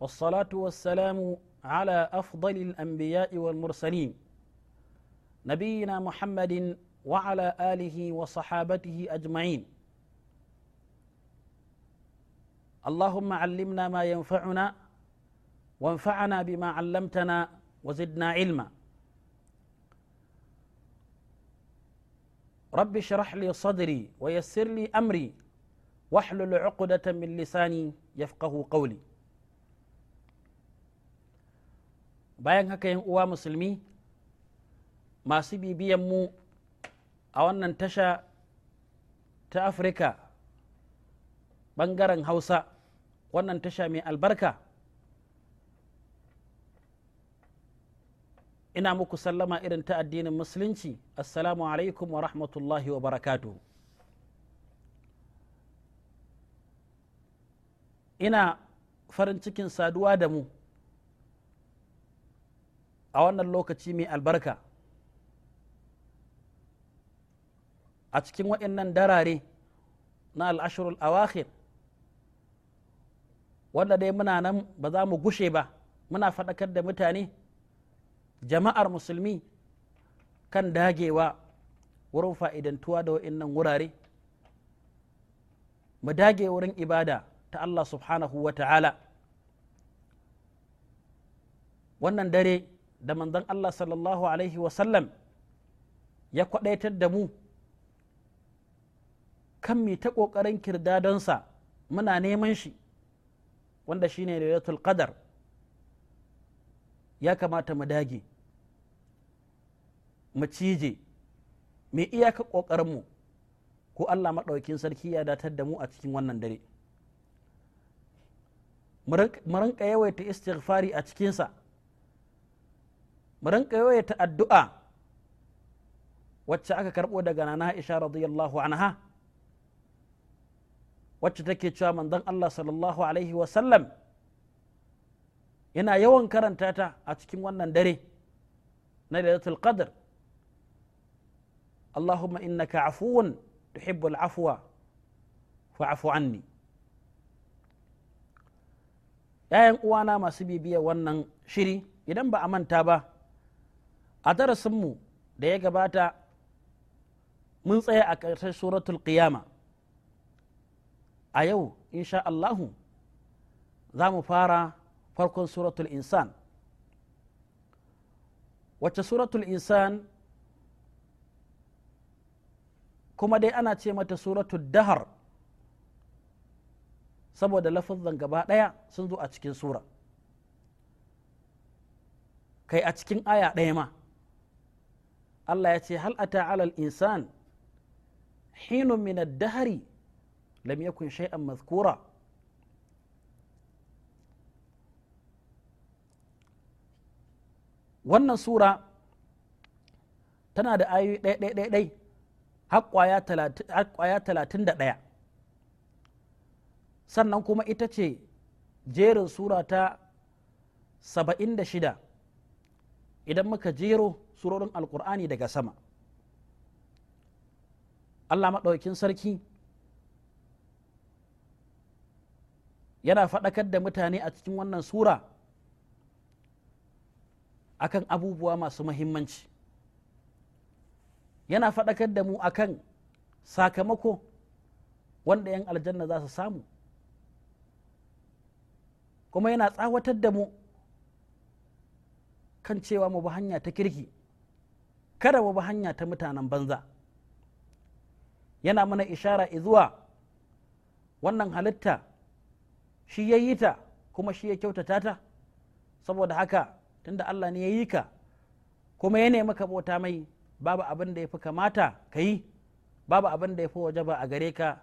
والصلاة والسلام على أفضل الأنبياء والمرسلين نبينا محمد وعلى آله وصحابته أجمعين اللهم علمنا ما ينفعنا وانفعنا بما علمتنا وزدنا علما رب اشرح لي صدري ويسر لي أمري واحلل عقدة من لساني يفقه قولي bayan haka yan uwa musulmi masu bibiyan mu a wannan tasha ta afirka bangaren hausa wannan tasha mai albarka ina muku sallama irin ta addinin musulunci assalamu alaikum wa rahmatullahi wa barakatuh ina farin cikin saduwa da mu a wannan lokaci mai albarka a cikin waɗannan darare na al'ashirul awakhir wanda dai muna nan ba za mu gushe ba muna faɗakar da mutane jama'ar musulmi kan dagewa wurin fa'idantuwa da waɗannan wurare mu dage wurin ibada ta Allah subhanahu wa ta'ala wannan dare da manzon Allah sallallahu alaihi wasallam ya kwadaitar da mu kan mi ta ƙoƙarin kirdadonsa muna neman shi wanda shine lailatul qadar ya kamata mu dage mu cije mai iyaka ƙoƙarinmu ko Allah maɗaukin sarki ya datar da mu a cikin wannan dare mu rinka yawaita istighfari a cikinsa mu rinka yawaita addu'a wacce aka karɓo daga nana Aisha radiyallahu anha wacce take cewa manzon Allah sallallahu alaihi wasallam yana yawan karanta ta a cikin wannan dare na lailatul qadr Allahumma innaka afuwun tuhibbul afwa fa'fu anni ‘ya'yan uwana masu bibiya wannan shiri idan ba a manta ba a darasinmu da ya gabata mun tsaya a ƙarshen suratul qiyama a yau insha Allahu za mu fara farkon suratul insan wacce suratul insan kuma dai ana ce mata suratul dahar saboda lafazan gaba ɗaya sun zo a cikin sura kai a cikin aya ɗaya ma Allah ya ce hal ata alal insan hinun dahri lam yakun wannan sura tana da ayoyi ɗai-ɗai-ɗai har talatin da ɗaya sannan kuma ita ce jerin sura ta saba'in da shida idan muka jero surorin alkur'ani daga sama allah maɗaukin sarki yana faɗakar da mutane a cikin wannan sura akan abubuwa masu mahimmanci yana faɗakar da mu akan sakamako wanda 'yan aljanna za su samu kuma yana tsawatar da mu kan cewa mu bi hanya ta kirki kada wa hanya ta mutanen banza yana mana ishara izuwa wannan halitta shi ya yi ta kuma shi ya kyautata ta saboda haka tunda Allah ne ya yi ka kuma ya nemi ka bauta mai babu abin da ya fi kamata ka yi babu abin da ya fi wajaba a gare ka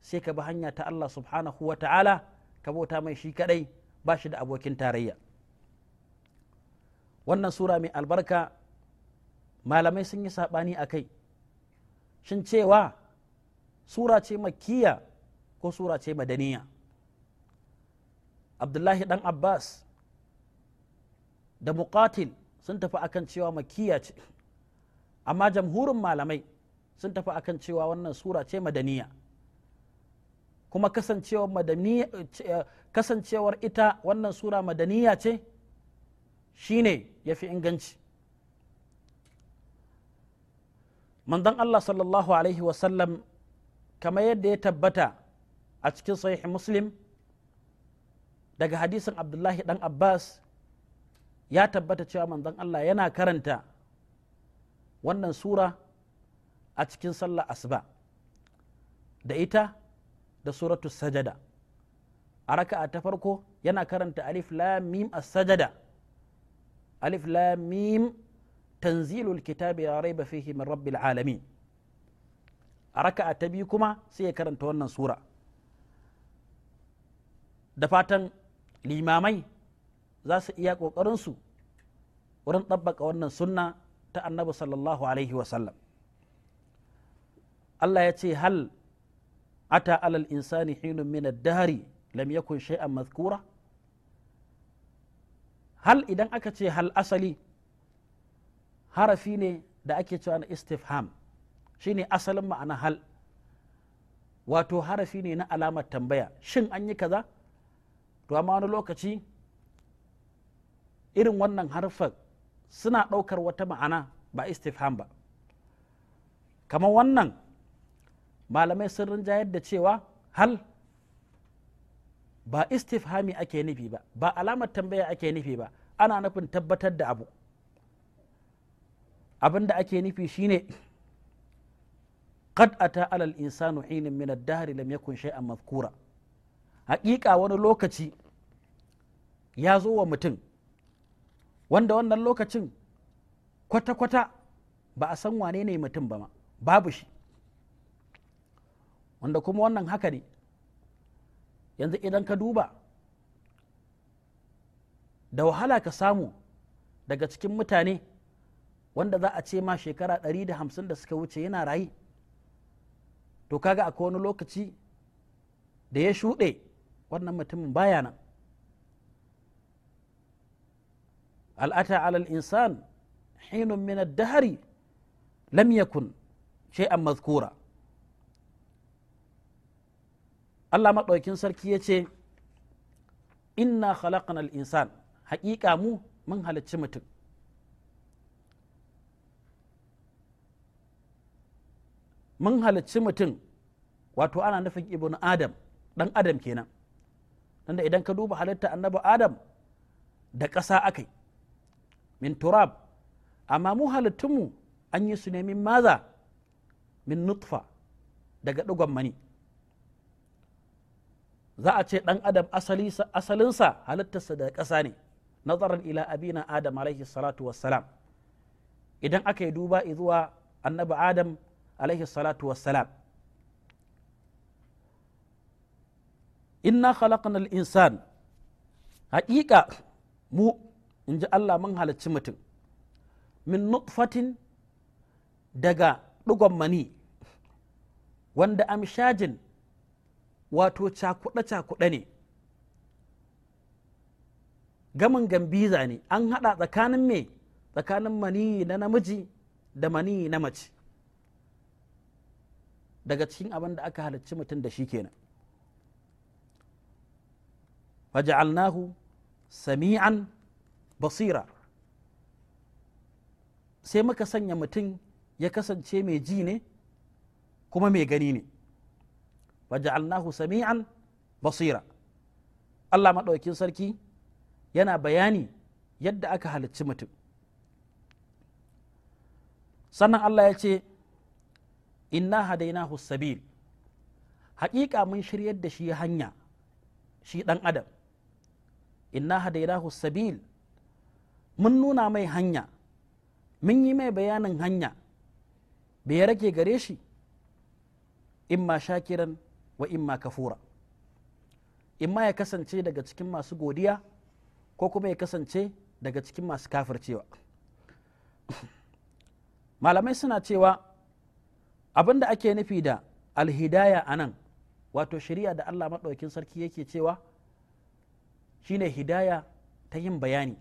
sai ka bi hanya ta Allah subhanahu wa ta'ala ka bauta mai shi kadai ba shi da abokin tarayya wannan sura mai albarka malamai sun yi saɓani a kai shin cewa sura ce makiya ko sura ce madaniya abdullahi dan abbas da muqatil sun tafi akan cewa makiya ce amma jamhurin malamai sun tafi akan cewa wannan sura ce madaniya kuma kasancewar madaniya kasancewar ita wannan sura madaniya ce shine yafi inganci manzon Allah sallallahu alaihi wasallam kamar yadda ya tabbata a cikin sahih muslim daga hadisin abdullahi dan abbas ya tabbata cewa manzon Allah yana karanta wannan sura a cikin sallah asuba da ita da suratu sajada a raka'a ta farko yana karanta alif lam mim as-sajada alif lam mim tanzilul kitabi ya raiba ba min rabbil alamin a raka'a ta biyu kuma sai ya karanta wannan sura da fatan limamai za su iya ƙoƙarinsu wurin ɗabbaka wannan sunna ta annabi sallallahu alaihi wasallam Allah ya ce hal ata alal insani hinun min dahari lam yakun a mazkura hal idan aka ce hal asali harafi ne da ake cewa na istifham shine asalin ma'ana hal wato harafi ne na alamar tambaya shin an yi kaza to amma wani lokaci irin wannan harfar suna ɗaukar wata ma'ana ba istifham ba kamar wannan malamai sun rinjayar da cewa hal ba istifhami ake nufi ba ba alamar tambaya ake nufi ba ana nufin tabbatar da abu abin da ake nufi shine kad ata alal insanu hinin min ad-dahr lam yakun shay'an mazkura haƙiƙa wani lokaci ya zo wa mutum wanda wannan lokacin kwata-kwata ba a san wane ne mutum ba babu shi wanda kuma wannan haka ne yanzu idan ka duba da wahala ka samu daga cikin mutane wanda za a ce ma shekara 150 da suka wuce yana rayu to kaga akwai wani lokaci da ya shuɗe wannan mutumin baya nan al'ata alal insan hinun min dahari dahri lam yakun shay'an mazkura Allah maɗaukin sarki ya ce inna khalaqnal insan haƙiƙa mu mun halicci mutum mun halicci mutum wato ana nufin ibn adam dan adam kenan dan da idan ka duba halitta annabi adam da ƙasa akai min turab amma mu halittunmu an yi su ne min maza min nutfa daga ɗigon mani za a ce ɗan adam asalinsa halittarsa da ƙasa ne nazarin ila abina adam alaihi salatu wassalam idan aka yi duba zuwa annabi adam alaihi salatu wassalam inna khalaqna al-insan haƙiƙa mu in ji Allah mun halicci mutum min nutfatin daga ɗigon mani wanda an shajin wato cakuɗe-cakuɗe ne gamin gambiza ne an haɗa tsakanin me tsakanin maniyi na namiji da maniyi na mace daga cikin abin da aka halarci mutum da shi kenan faja'alnahu sami'an basira sai muka sanya mutum ya kasance mai ji ne kuma mai gani ne faja'alnahu sami'an basira Allah maɗaukin sarki yana bayani yadda aka halarci mutum sannan Allah ya ce inna Hadaina sabil haƙiƙa mun shiryar da shi hanya shi ɗan adam inna Hadaina sabil mun nuna mai hanya mun yi mai bayanin hanya bai rage gare shi imma shakiran wa imma kafura imma ya kasance daga cikin masu godiya ko kuma ya kasance daga cikin masu kafircewa malamai suna cewa abin da ake nufi da alhidaya a nan wato shari'a da allah maɗaukin sarki yake cewa shine hidaya ta yin bayani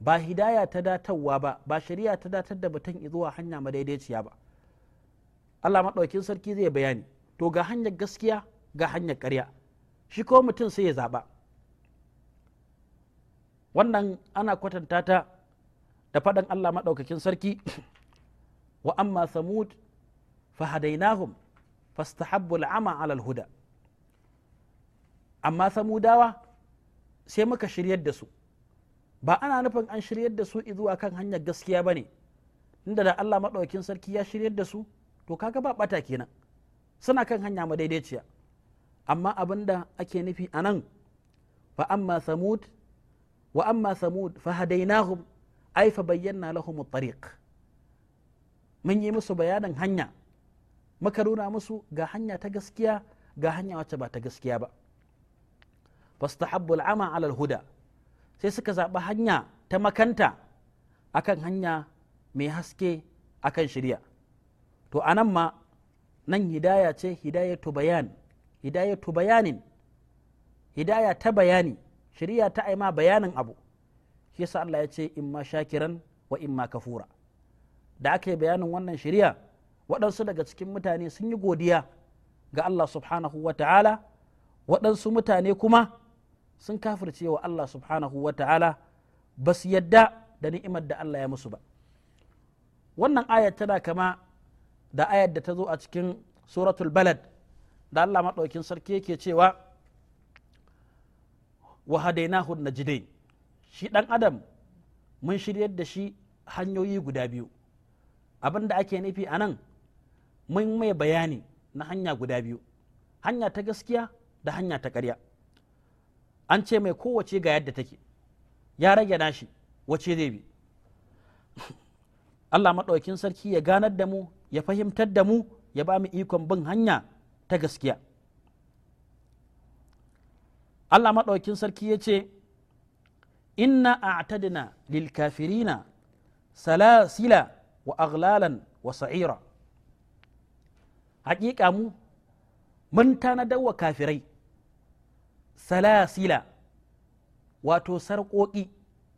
ba hidaya ta datarwa ba ba shari'a ta datar da mutum zuwa hanya madaidaiciya ba allah maɗaukin sarki zai bayani to ga hanyar gaskiya ga hanyar karya shi ko mutum sai ya zaɓa wannan ana kwatanta ta da faɗin allah maɗaukakin sarki wa amma samud fahadainahum fastahabbu al'ama ala huda amma samudawa sai muka shiryar da su ba ana nufin an shiryar da su zuwa kan hanyar gaskiya ba ne inda da Allah maɗaukin sarki ya shiryar da su to kaga ba ɓata kenan suna kan hanya madaidaiciya amma abin da ake nufi anan, nan amma samud wa amma samud fa hadainahum ai bayyana lahum tariq mun yi musu bayanin hanya Muka nuna musu ga hanya ta gaskiya ga hanya wacce ba ta gaskiya ba fastahabbul ama alal huda sai suka zaɓi hanya ta makanta akan hanya mai haske akan shirya to anan ma nan hidaya ce hidayatu bayan hidayatu bayanin hidaya ta bayani shirya ta aima bayanin abu shi yasa Allah ya ce imma shakiran wa imma kafura da aka yi bayanin wannan shirya waɗansu daga cikin mutane sun yi godiya ga Allah subhanahu wa ta'ala waɗansu mutane kuma sun kafirce wa Allah subhanahu wa ta'ala ba su yadda da ni'imar da Allah ya musu ba wannan ayat tana kama da ayat da ta zo a cikin suratul balad da Allah maɗaukin sarki yake cewa wa hadainahu najidain shi ɗan adam mun shiryar da shi hanyoyi guda biyu abin da ake nufi a nan mun mai bayani na hanya guda biyu hanya ta gaskiya da hanya ta karya. an ce mai kowace ga yadda take ya rage nashi wace zai bi Allah maɗaukin sarki ya ganar da mu ya fahimtar da mu ya ba mu ikon bin hanya ta gaskiya Allah maɗaukin sarki ya ce inna a'tadna lil kafirina salasila wa aghlalan wa sa'ira haƙiƙa mu mun tanadar wa kafirai salasila wato sarƙoƙi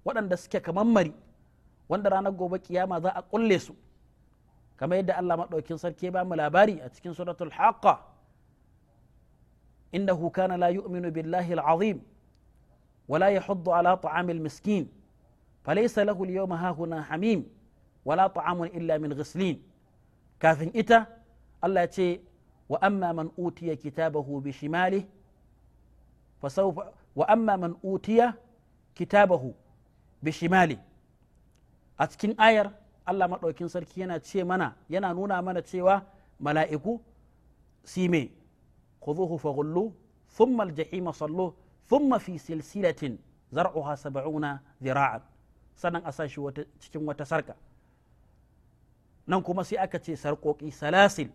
waɗanda suke kamar mari wanda ranar gobe kiyama za a ƙulle su kamar yadda Allah maɗaukin sarki ba mu labari a cikin suratul haqqa innahu kana la yu'minu billahi al-azim ولا يحض على طعام المسكين فليس له اليوم هاهنا حميم ولا طعام إلا من غسلين كافٍ إتا Allah ce wa amma man utiya kitabahu bishimali shimali wa amma man utiya kitabahu bi a cikin ayar Allah maɗaukin sarki yana ce mana yana nuna mana cewa mala'iku si me khudhuhu faghullu thumma al-jahima sallu thumma fi silsilatin zar'uha sab'una zira'an sannan a shi cikin wata sarka nan kuma sai aka ce sarƙoƙi salasil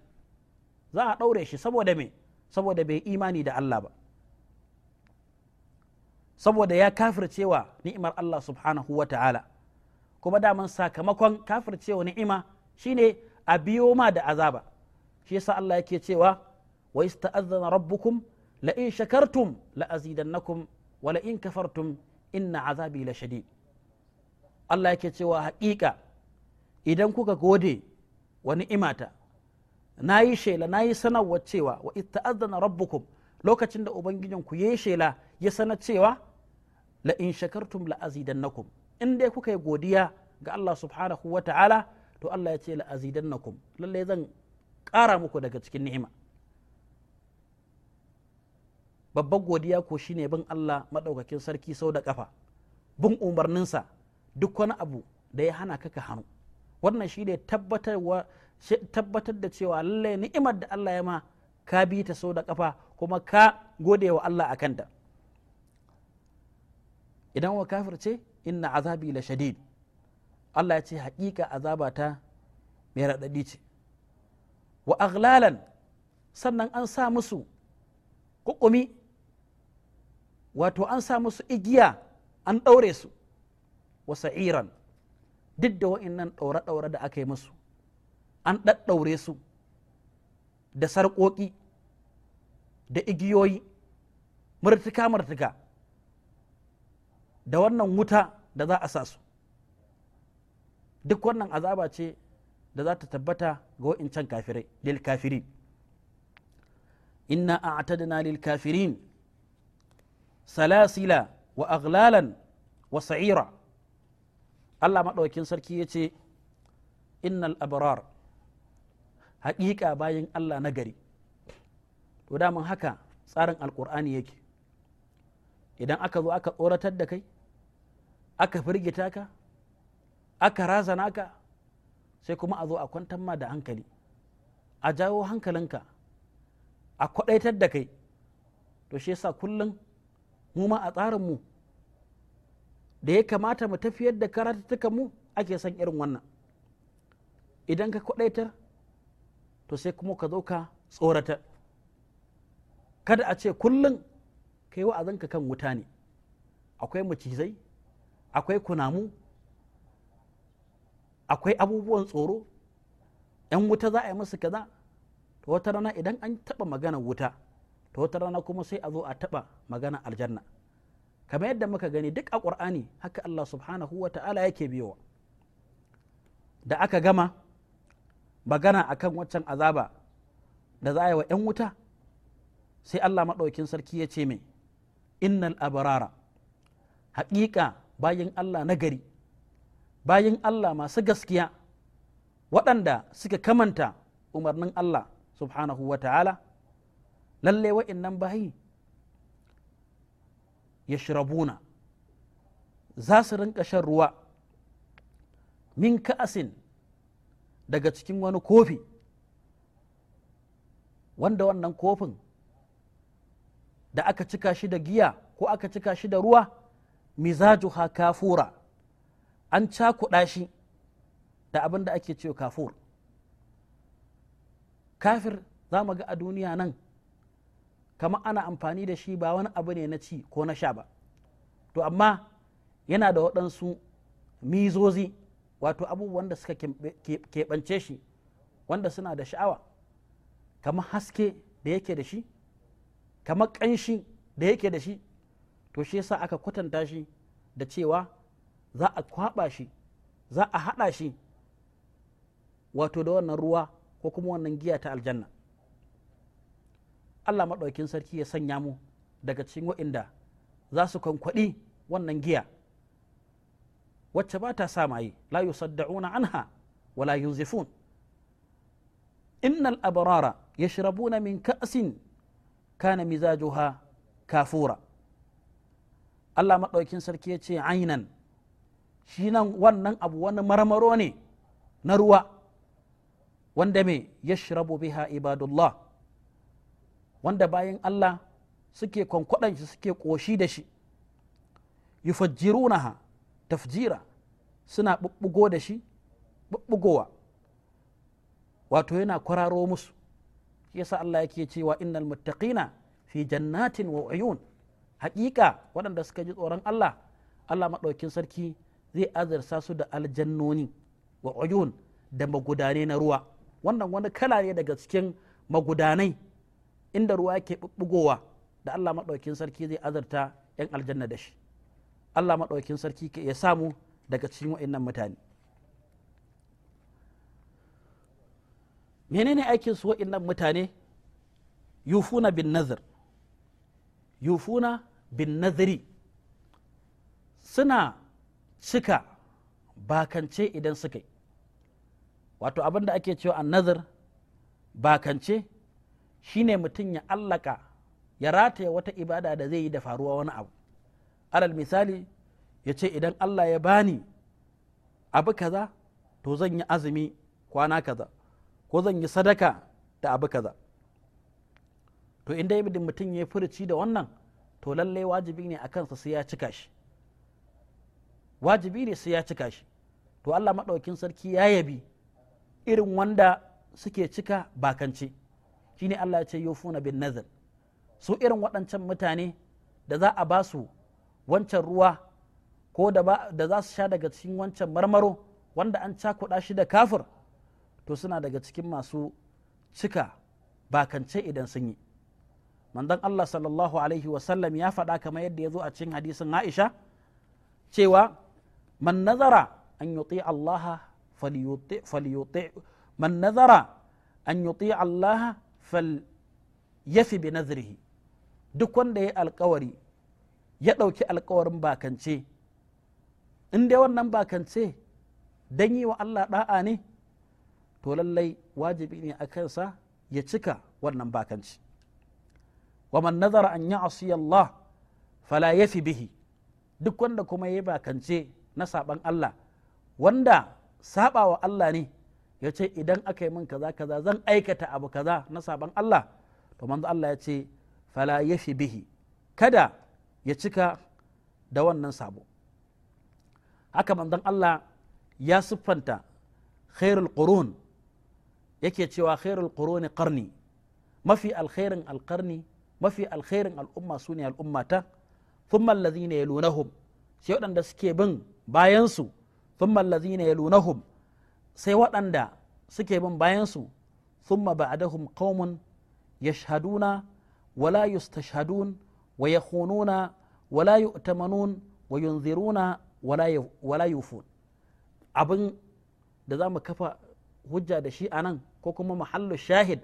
za a ɗaure shi saboda me saboda bai imani da Allah ba saboda ya kafircewa ni'imar Allah subhanahu wa ta'ala kuma daman sakamakon kafircewa ni'ima shine a biyo ma da azaba shi yasa Allah yake cewa wa ista'adhana rabbukum la in shakartum la azidannakum wa la in kafartum inna azabi la shadid Allah yake cewa haƙiƙa idan kuka gode wa ni'imata na yi shela na yi sanarwar cewa wa itta'adana rabbukum lokacin da ubangijin ku ya shela ya sana cewa la in shakartum la azidannakum in dai kuka yi godiya ga Allah subhanahu wa ta'ala to Allah ya ce la azidannakum lalle zan kara muku daga cikin ni'ima babbar godiya ko shine bin Allah madaukakin sarki sau da kafa bin umarninsa duk wani abu da ya hana kaka hannu wannan shi ne tabbatar da cewa lallai ni'imar da Allah ya ma ka bi ta so da kafa kuma ka gode wa Allah a kanta idan wa kafir ce inna azabi la shadid Allah ya ce haƙiƙa azabata mai raɗaɗi ce wa aghlalan sannan an sa musu ƙuƙumi wato an sa musu igiya an ɗaure su wa sa'iran duk da wa'innan ɗaure-ɗaure da aka yi musu an ɗaɗɗaure su da sarƙoƙi da igiyoyi murtuka-murtuka da wannan wuta da za a sa su duk wannan azaba ce da za ta tabbata ga wa'incan kafirai lil kafiri inna atadina lil kafirin salasila wa aglalan wa sa'ira Allah maɗaukin sarki ya ce innal abrar haƙiƙa bayan Allah nagari to daman haka tsarin alƙur'ani yake idan aka zo aka tsoratar da kai aka firgita ka aka razana ka sai kuma a zo a kwantar ma da hankali a jawo hankalinka a kwaɗaitar da kai to shi yasa kullum mu ma a tsarinmu da ya kamata mu tafiyar da karatuttukan mu ake son irin wannan idan ka kwadaitar to sai kuma ka zo ka tsorata. kada a ce kullum kai wa'azinka kan wuta ne akwai macizai akwai kunamu akwai abubuwan tsoro yan wuta za a yi musu kaza to wata rana idan an taɓa maganar wuta to wata rana kuma sai a zo a taɓa maganar aljanna kamar yadda muka gani duk a ƙur'ani haka Allah subhanahu wa ta'ala yake biyowa da aka gama magana a kan waccan azaba da za a yi wa 'yan wuta sai Allah maɗaukin sarki ya ce mai innal abarara haƙiƙa bayan Allah nagari bayan Allah masu gaskiya waɗanda suka kamanta umarnin Allah subhanahu wa ta'ala lalle nan bayi yashrabuna za su rinka shan ruwa min ka'asin daga cikin wani kofi wanda wannan kofin da aka cika shi da giya ko aka cika shi da ruwa mizajuha kafura an cakuɗa shi da abin da ake cewa kafur kafir za mu ga a duniya nan kamar ana amfani da shi ba wani abu ne na ci ko na sha ba to amma yana da waɗansu mizozi wato abubuwan da suka keɓance shi wanda suna da sha'awa kama haske da yake da shi kama ƙanshi da yake da shi to shi yasa aka kwatanta shi da cewa za a kwaɓa shi za a haɗa shi wato da wannan ruwa ko kuma wannan giya ta aljanna Allah maɗaukin sarki ya sanya mu daga cikin wa'inda za su kwankwaɗi wannan giya wacce ba ta sa maye la yusaddauna anha wala yunzifun innal abrara yashrabuna min ka'sin kana mizajuha kafura Allah maɗaukin sarki ya ce ainan shi nan wannan abu wani marmaro ne na ruwa wanda me yashrabu biha ibadullah wanda bayan Allah suke kwankwaɗan shi suke ƙoshi da shi yufajirunaha tafjira suna ɓuɓɓugo da shi ɓuɓɓugowa wato yana kwararo musu shi yasa Allah yake cewa innal muttaqina fi jannatin wa uyun haƙiƙa waɗanda suka ji tsoron Allah Allah maɗaukin sarki zai azarsa su da aljannoni wa uyun da magudane na ruwa wannan wani kala ne daga cikin magudanai inda ruwa ke bugowa da Allah maɗaukin sarki zai azarta 'yan aljanna da shi Allah maɗaukin sarki ya samu daga cikin wa'innan mutane menene aikin su wa'innan mutane yufuna bin nazar yufuna bin nazari suna cika bakance idan suka yi wato abin da ake cewa an nazar bakance shine mutum ya allaka ya rataya wata ibada da zai yi da faruwa wani abu alal misali ya ce idan allah ya bani abu kaza to zan yi azumi kwana kaza ko zan yi sadaka da abu kaza to inda ya mutum ya furuci da wannan to lallai wajibi ne a kansa sai ya cika shi wajibi ne sai ya cika shi to allah maɗaukin sarki ya yabi irin wanda suke cika bakance shine Allah ya ce yufuna bin nazar su irin waɗancan mutane da za a ba su wancan ruwa ko da za su sha daga cikin wancan marmaro wanda an cakuɗa shi da kafir to suna daga cikin masu cika bakance idan sun yi manzon Allah sallallahu alaihi wasallam ya faɗa kamar yadda ya zo a cikin hadisin Aisha cewa man nazara an yuti Allah falyuti man nazara an yuti Allah fal yafi bi duk wanda ya alkawari ya ɗauki alkawarin bakance in dai wannan bakance don yi wa Allah ɗa'a ne to lallai wajibi ne a kansa ya cika wannan bakanci wa man nazara an yi Allah fala fi bihi duk wanda kuma ya bakance na saban Allah wanda saɓawa Allah ne ya ce idan aka yi min kaza kaza zan aikata abu kaza na saban Allah to manzo Allah ya ce fala yafi bihi kada ya cika da wannan sabo haka manzon Allah ya siffanta khairul qurun yake cewa khairul kuruni qarni mafi alkhairin alqarni mafi alkhairin al'umma sune al'ummata thumma alladhina yalunahum sai waɗanda suke bin bayansu thumma alladhina yalunahum sai waɗanda suke bin bayansu sun ba'adahum qaumun yashhaduna wala yustashhadun wa yakhununa wala yu'tamanun wa yunziruna wala yufun abin da za mu kafa hujja da shi anan ko kuma mahallu shahid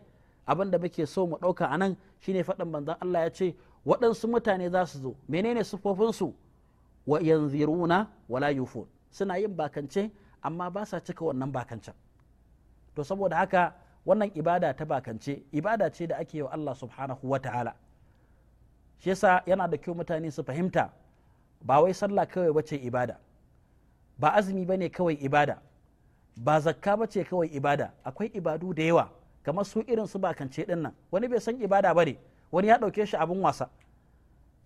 abin da muke so mu ɗauka anan shine faɗin banzan Allah ya ce waɗansu mutane za su zo menene siffofinsu wa yanziruna wala yufun suna yin bakance amma ba sa cika wannan bakancen to saboda haka wannan ibada ta bakance ibada ce da ake yi wa Allah subhanahu wa ta'ala shi yasa yana da kyau mutane su fahimta ba wai sallah kawai bace ibada ba azumi bane kawai ibada ba zakka bace kawai ibada akwai ibadu da yawa kamar su irin su bakance din nan wani bai san ibada bane wani ya dauke shi abin wasa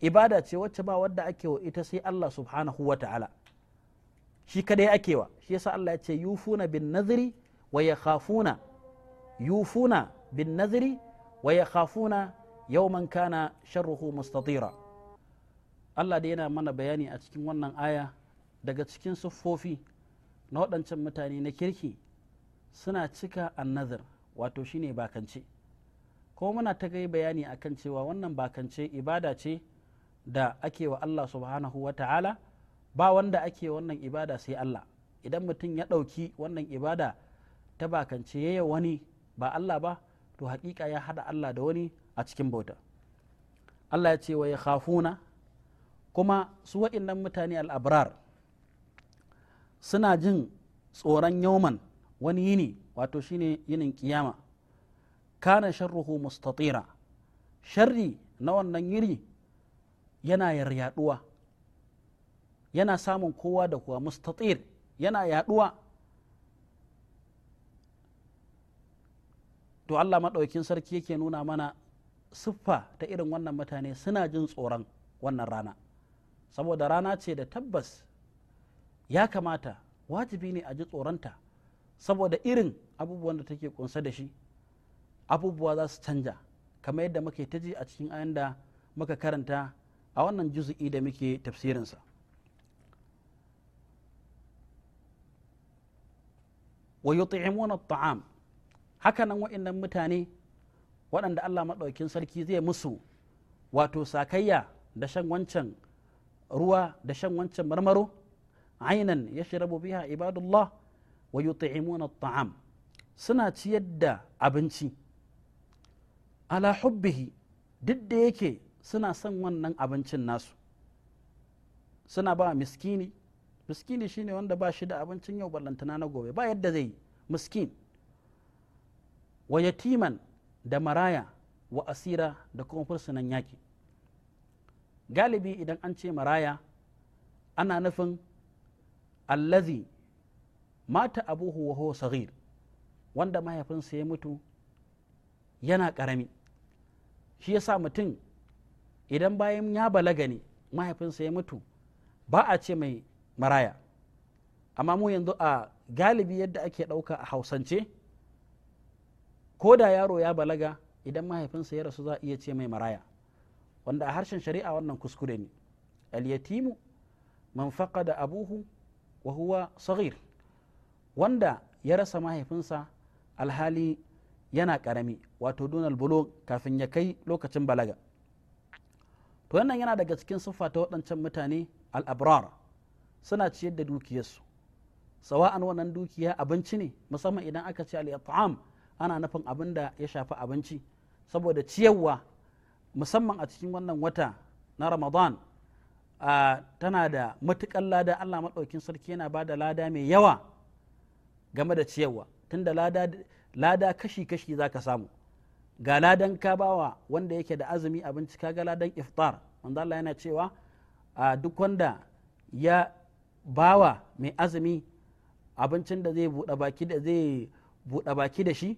ibada ce wacce ba wadda ake wa ita sai Allah subhanahu wa ta'ala shi kadai akewa shi yasa Allah ya ce yufuna bin nazri wa khafuna yufuna bin nazri wa khafuna yawman kana sharruhu mustatira Allah da yana mana bayani a cikin wannan aya daga cikin siffofi na waɗancan mutane na kirki suna cika annazir wato shine bakance kuma muna ta gai bayani akan cewa wannan bakance ibada ce da ake wa Allah subhanahu wa ta'ala ba wanda ake wannan ibada sai Allah idan mutum ya ɗauki wannan ibada ta bakance yaya wani ba Allah ba to haƙiƙa ya haɗa Allah da wani a cikin bauta Allah ya ce wa ya khafuna kuma su wa'innan mutane al'abrar suna jin tsoron yauman wani yini wato shine yinin kiyama kana sharruhu mustatira sharri na wannan yiri yana yaryaduwa yana samun kowa da kowa mustatir yana yaduwa to Allah maɗaukin sarki yake nuna mana siffa ta irin wannan mutane suna jin tsoron wannan rana saboda rana ce da tabbas ya kamata wajibi ne a ji tsoronta saboda irin abubuwan da take kunsa da shi abubuwa za su canja kamar yadda muke ta ji a cikin ayan da muka karanta a wannan juzu'i da muke tafsirinsa wa yut'imuna at'am hakanan wa'annan mutane waɗanda Allah maɗaukin sarki zai musu wato sakayya da shan wancan ruwa da shan wancan marmaro ainan yashrabu biha ibadullah wa yut'imuna at'am suna ciyar da abinci ala hubbihi duk da yake suna son wannan abincin nasu suna ba miskini miskini shine wanda ba shi da abincin yau ballantana na gobe ba yadda zai miskin wa yatiman da maraya wa asira da kuma fursunan yaki galibi idan an ce maraya ana nufin allazi mata abuhu wa huwa saghir wanda mahaifinsa ya mutu yana ƙarami shi yasa mutum idan bayan ya balaga ne mahaifinsa ya mutu ba a ce mai maraya amma mu yanzu a galibi yadda ake ɗauka a hausance ko da yaro ya balaga idan mahaifinsa ya rasu za a iya ce mai maraya wanda a harshen shari'a wannan kuskure ne alyatimu man faqada abuhu wa huwa saghir wanda ya rasa mahaifinsa alhali yana karami wato donal bulo kafin ya kai lokacin balaga to wannan yana daga cikin siffa ta waɗancan mutane al-abrar suna ciyar da dukiyarsu sawa'an wannan dukiya abinci ne musamman idan aka ce al-it'am ana nufin abin da ya shafi abinci saboda ciyarwa musamman a cikin wannan wata na ramadan tana da matuƙar lada allah maɗaukin sarki yana ba da lada mai yawa game da ciyarwa tunda lada, lada kashi-kashi za ka samu ga ladan Kabawa wanda yake da azumi abinci kaga ladan iftar wanda allah yana cewa duk wanda ya bawa mai azumi abincin da zai buɗe baki da zai buɗe baki da shi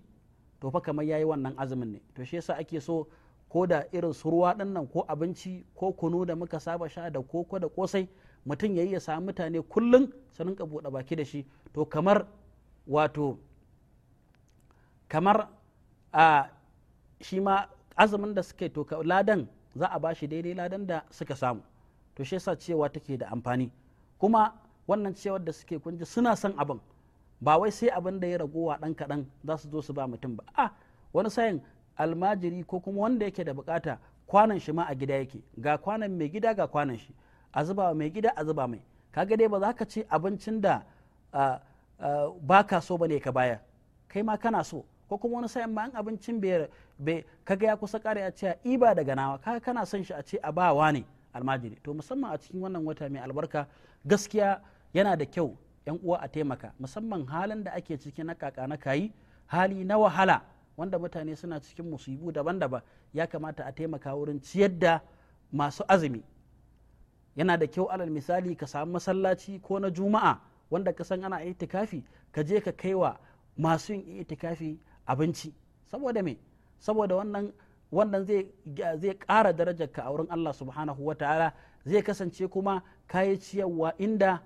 to fa kamar yayi wannan azumin ne to shi yasa ake so ko da irin su ruwa ɗin nan ko abinci ko kunu da muka saba sha da koko da kosai mutum yayi ya samu mutane kullum su rinka buɗe baki da shi to kamar wato kamar a shi ma azumin da suke to ladan za a bashi daidai ladan da suka samu to shi yasa cewa take da amfani kuma wannan cewar da suke kunji suna son abin ba wai sai abin da ya ragowa ɗan kaɗan za su zo su ba mutum ba a wani sayin almajiri ko kuma wanda yake da bukata kwanan shi ma a gida yake ga kwanan mai gida ga kwanan shi a zuba mai gida a zuba mai kaga dai ba za ka ci abincin da ba ka so ba ne ka baya. kai ma kana so ko kuma wani sayan ma abincin bai kaga ya kusa kare a ce a, iba daga nawa kaga kana son shi a ce a ba wa ne almajiri to musamman a cikin wannan wata mai albarka gaskiya yana da kyau yan uwa a taimaka musamman halin da ake ciki na kaka na kayi hali na wahala wanda mutane suna cikin musibu daban-daban ya kamata a taimaka wurin ciyar da masu azumi yana da kyau alal misali ka samu masallaci ko na juma'a wanda ka san ana itikafi ka je ka kaiwa masu yin itikafi abinci saboda me saboda wannan wannan zai zai ƙara darajar ka a wurin Allah subhanahu wa zai kasance kuma kayi ciyarwa inda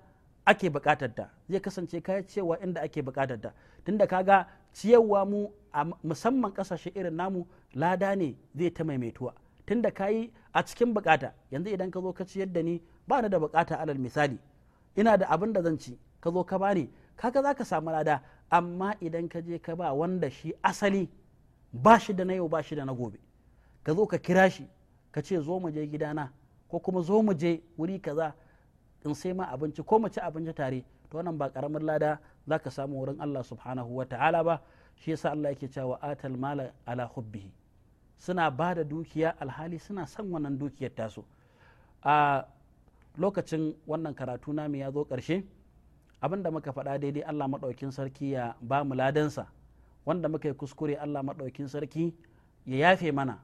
ake bukatar ta zai kasance kayi ciyarwa inda ake bukatar ta tunda kaga ciyarwa mu a musamman kasashe irin namu lada ne zai ta maimaituwa tunda kayi a cikin bukata yanzu idan ka zo ka ciyar da ni ba ni da bukata alal misali ina da abin da zan ci ka zo ka bani kaga zaka samu lada amma idan ka je ka ba wanda shi asali ba shi da na yau ba shi da na gobe ka zo ka kira shi ka ce zo mu je gidana ko kuma zo mu je wuri kaza in sai ma abinci ko mu ci abinci tare to wannan ba karamin lada za ka samu wurin Allah subhanahu wa ta'ala ba shi yasa Allah yake cewa atal mala ala hubbihi suna ba da dukiya alhali suna san wannan dukiyar tasu a lokacin wannan karatu namu ya zo karshe abin da muka faɗa daidai Allah maɗaukin sarki ya ba mu ladansa wanda muka yi kuskure Allah maɗaukin sarki ya yafe mana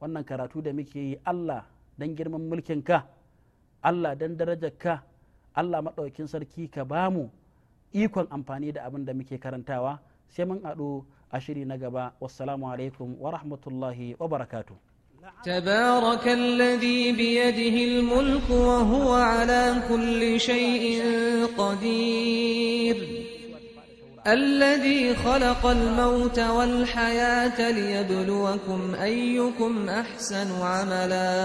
wannan karatu da muke yi Allah dan girman mulkin ka Allah dan darajarka Allah maɗaukin sarki ka ba mu ikon amfani da abin da muke karantawa sai mun haɗu a shiri na gaba wassalamu alaikum wa rahmatullahi wa barakatu تبارك الذي بيده الملك وهو على كل شيء قدير الذي خلق الموت والحياة ليبلوكم أيكم أحسن عملاً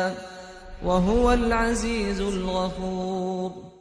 وهو العزيز الغفور